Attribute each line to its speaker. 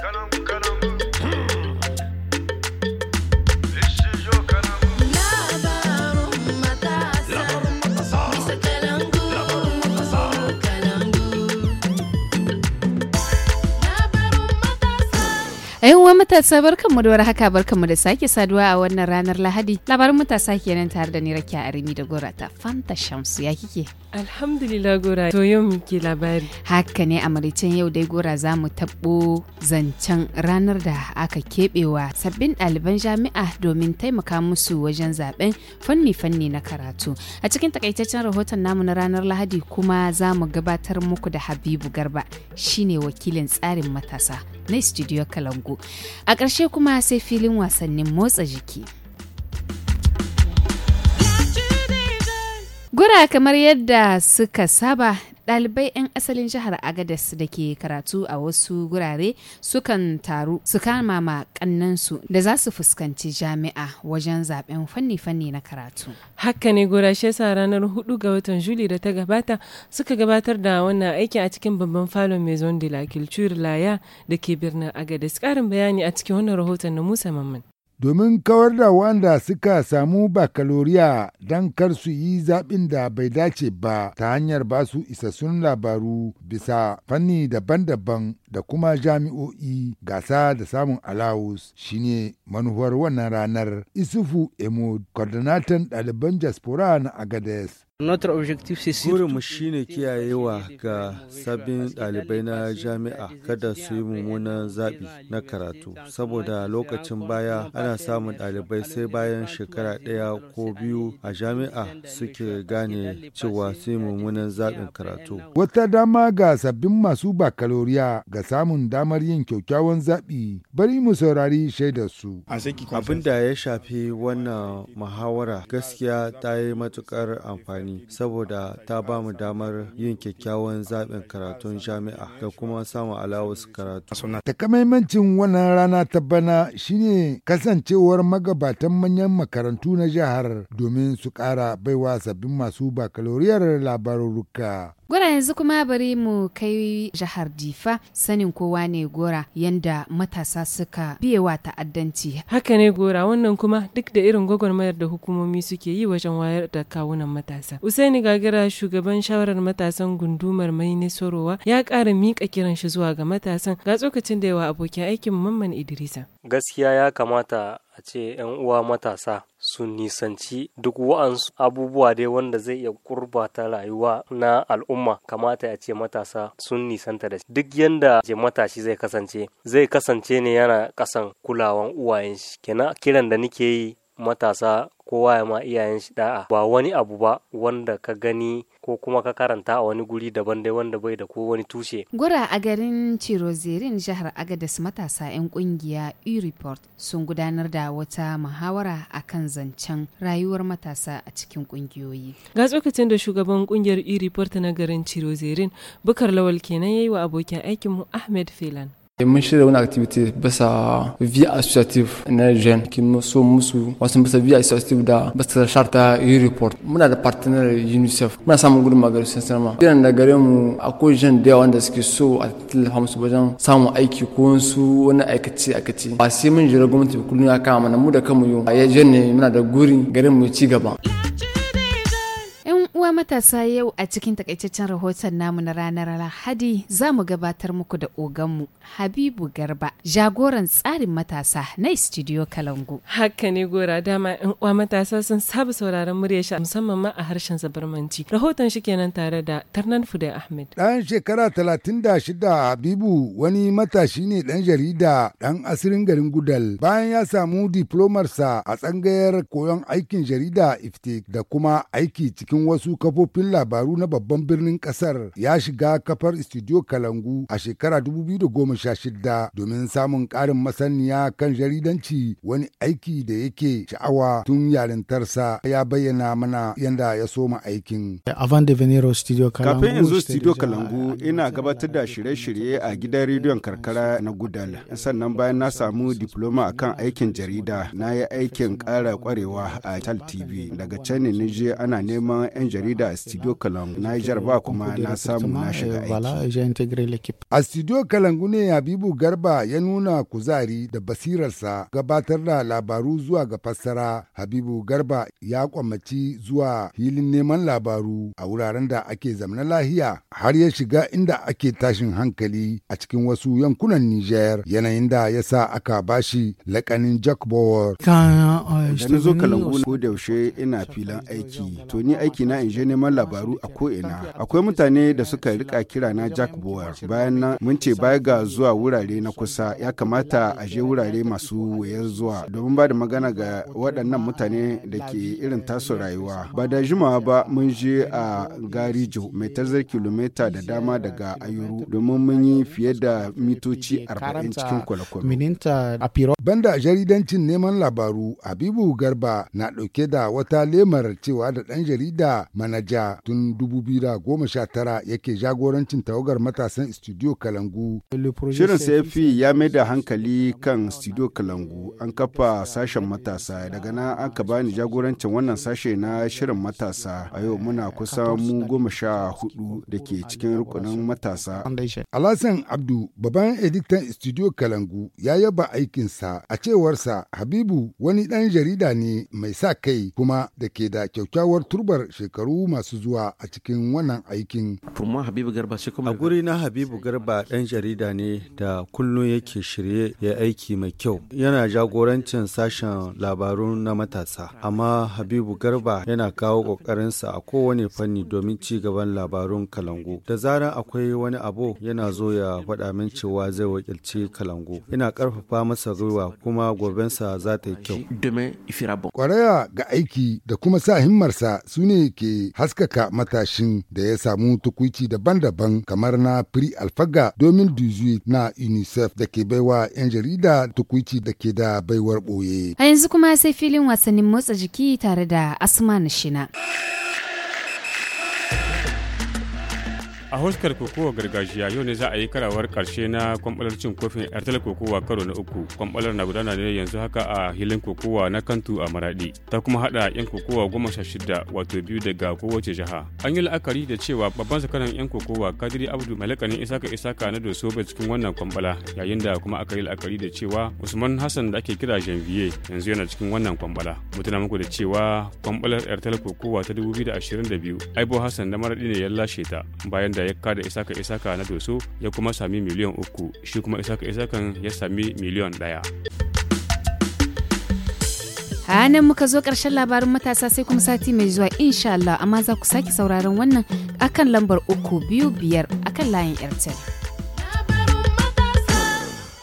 Speaker 1: Canum, canum.
Speaker 2: Ayyuwa matasa mu da haka mu da sake saduwa a wannan ranar Lahadi. Labarin matasa kenan tare da ni Rakiya Arimi da Gora ta Fanta Shamsu ya kike.
Speaker 1: Alhamdulillah Gora to yau muke labari. Haka
Speaker 2: ne a maricin yau dai Gora za mu taɓo zancen ranar da aka keɓewa sabbin ɗaliban jami'a domin taimaka musu wajen zaben fanni-fanni na karatu. A cikin takaitaccen rahoton namu na ranar Lahadi kuma za mu gabatar muku da Habibu Garba shine wakilin tsarin matasa na studio kalangu a ƙarshe kuma sai filin wasannin motsa jiki gura kamar yadda suka saba ɗalibai 'yan asalin jihar agadas da ke karatu a wasu gurare sukan taru su kama ma kannansu
Speaker 1: da za su fuskanci jami'a wajen zaben fanni-fanni na karatu haka ne gurashe sa ranar 4 ga watan juli da ta gabata suka gabatar da wannan aiki a cikin babban falon maison de la culture laya da ke birnin agadas ƙarin bayani a cikin wannan rahoton na musa mamman
Speaker 3: domin kawar da wanda suka samu bakaloriya don kar su yi zaɓin da bai dace ba ta hanyar ba su isassun labaru bisa fanni daban-daban da kuma jami'o'i gasa da samun alawus shine manuwar wannan ranar isufu emod coordinator ɗaliban jaspora na agades
Speaker 4: Burinmu shi ne kiyayewa ga sabbin ɗalibai na jami'a kada su yi mummunan zaɓi na karatu, saboda lokacin baya ana samun ɗalibai sai bayan shekara ɗaya ko biyu a jami'a suke gane cewa su yi mummunan zaɓin karatu.
Speaker 3: Wata dama ga sabbin masu bakaloriya ga samun damar yin kyakkyawan zaɓi bari mu saurari shaidarsu. Abin da
Speaker 4: ya shafi wannan muhawara gaskiya ta yi matuƙar amfani. saboda ta ba mu damar yin kyakkyawan zaɓin karatun jami'a da kuma samun alawus karatu.
Speaker 3: Takamaimancin wannan rana ta bana shine kasancewar magabatan manyan makarantu na jihar domin su kara baiwa sabbin masu bakaloriyar labaruruka
Speaker 2: Gora yanzu kuma bari mu kai jihar Difa sanin kowa ne gora yanda matasa suka biyewa ta'addanci.
Speaker 1: Haka ne gora wannan kuma duk da irin gwagwarmayar da hukumomi suke yi wajen wayar da kawunan matasa. Usaini Gagara shugaban shawarar matasan gundumar mai nisorowa ya ƙara mika kiran shi zuwa ga matasan ga tsokacin da yawa abokin aikin Mamman Idrisa. Gaskiya ya kamata a ce 'yan uwa matasa su nisanci duk wa'ansu abubuwa dai wanda zai iya kurbata rayuwa na al'umma kamata ya ce matasa sun nisanta da shi. duk yanda je matashi zai kasance zai kasance ne yana kasan kulawan uwayen shi kenan kiran da nike yi matasa kowa ya ma iyayen shi da'a ba wani abu ba wanda ka gani ko kuma ka karanta a wani guri daban dai wanda bai da ko wani tushe.
Speaker 2: Gura a garin Cirozerin jihar Agadez matasa 'yan kungiya E-Report sun gudanar da wata muhawara akan zancen rayuwar matasa a cikin kungiyoyi.
Speaker 1: Ga tsokacin da shugaban kungiyar E-Report na garin Cirozerin Bukar Lawal kenan ya yi wa abokin aikinmu Ahmed Filan. Et eh, mun shirya wani activity bisa vie associative na jen ki so musu wasu bisa vie associative da charte sharta yi report muna da partenaire unicef muna samun gudun magari sun sanarwa irin da gare à akwai jen da yawa wanda suke so a tallafa musu wajen samun aiki ko à wani aikace aikace ba sai mun jira gwamnati kullum ya kama mana mu da à yau a jen ne muna da gurin garin mu ci gaba.
Speaker 2: matasa yau a cikin takaitaccen rahoton namu na ranar Lahadi za mu gabatar muku da oganmu Habibu Garba, jagoran tsarin matasa na
Speaker 3: Studio Kalangu.
Speaker 1: Haka ne gora dama in uwa matasa sun saba sauraron murya shi musamman ma a harshen zabarmanci. Rahoton shi kenan tare da Tarnan Fude Ahmed.
Speaker 3: Ɗan shekara talatin da shida Habibu wani matashi ne ɗan jarida ɗan asirin garin Gudal. Bayan ya samu diplomarsa a tsangayar koyon aikin jarida iftik da kuma aiki cikin wasu kafofin labaru na babban birnin kasar ya shiga kafar studio kalangu a shekara 2016 domin samun karin masaniya kan jaridanci wani aiki da yake sha'awa tun yarintarsa ya bayyana mana yadda
Speaker 5: ya soma aikin. Kafin in studio kalangu ina gabatar da shirye-shirye a gidan rediyon karkara na gudal sannan bayan na samu diploma akan aikin jarida na yi aikin ƙara kwarewa a tal tv daga can ne ana neman 'yan jarida Florida da studio kalangu na jarba kuma na samu na shiga aiki
Speaker 3: a studio kalangu ne habibu garba ya nuna kuzari da basirarsa gabatar da labaru zuwa ga fassara habibu garba ya kwamaci zuwa filin neman labaru a wuraren da ake zamanin lahiya har ya shiga inda ake tashin hankali a cikin wasu yankunan niger yanayin da ya sa aka bashi lakanin jack Bauer. Euh, da na zo kalangu ko
Speaker 5: da ina filan aiki to aiki na in je neman labaru a ko ko'ina. Akwai mutane da suka rika kira na Jack bowyer. Bayan nan mun ce baya ga zuwa wurare na kusa ya kamata a je wurare masu wayar zuwa domin ba da magana ga waɗannan mutane da ke irin tasu rayuwa. Ba da jimawa ba mun je a Garijo mai tarzar kilomita da dama daga Ayuru domin mun yi fiye da mitoci 40 cikin kwale Banda
Speaker 3: jaridancin neman labaru Habibu Garba na ɗauke da wata lemar cewa da ɗan jarida manaja tun 2019 yake jagorancin tawagar matasan studio kalangu shirin
Speaker 5: safi ya mai da hankali kan studio kalangu an kafa sashen matasa daga nan ka bani jagorancin wannan sashe na shirin matasa a yau muna kusa mu goma sha hudu da ke cikin rukunin matasa
Speaker 3: alhassan abdu babban editan studio kalangu ya yaba aikinsa a cewarsa habibu wani dan jarida ne mai sa kai kuma da ke da kyakkyawar turbar shekaru shekaru masu zuwa a cikin wannan aikin.
Speaker 4: A guri na Habibu Garba ɗan jarida ne da kullum yake shirye ya aiki mai kyau. Yana jagorancin sashen labaru na matasa. Amma Habibu Garba yana kawo ƙoƙarinsa a kowane fanni domin ci gaban labarun Kalangu. Da zarar akwai wani abu yana zo ya faɗa min cewa zai wakilci Kalangu. Ina ƙarfafa masa gwiwa kuma gobensa za ta yi kyau.
Speaker 3: Kwaraya ga aiki da kuma sa himmarsa su ne ke haskaka matashin da ya samu tukuici daban-daban kamar na Pri Alfaga domin Duzuit na UNICEF da ke baiwa 'yan jarida tukuici da ke da baiwar
Speaker 5: boye A
Speaker 2: yanzu kuma sai filin wasannin motsa jiki tare da Asma na Shina.
Speaker 5: a hoskar kokowa gargajiya yau ne za a yi karawar karshe na kwambalar cin kofin airtel kokowa karo na uku kwambalar na gudana ne yanzu haka a hilin kokowa na kantu a maradi ta kuma haɗa yan kokowa goma sha shida wato biyu daga kowace jiha an yi la'akari da cewa babban sakaran yan kokowa kadiri abdu malakanin isaka isaka na doso bai cikin wannan kwambala yayin da kuma aka yi la'akari da cewa usman hassan da ake kira janvier yanzu yana cikin wannan kwambala mutuna muku da cewa kwambalar airtel kokowa ta 2022 aibo hassan na maradi ne ya lashe ta bayan da da ya kada isaka isaka na doso ya kuma sami miliyan uku shi kuma isaka isakan ya sami miliyan ɗaya.
Speaker 2: a nan muka zo ƙarshen labarin matasa sai kuma sati mai zuwa insha Allah amma za ku sake sauraron wannan akan lambar uku biyu biyar akan layin airtel.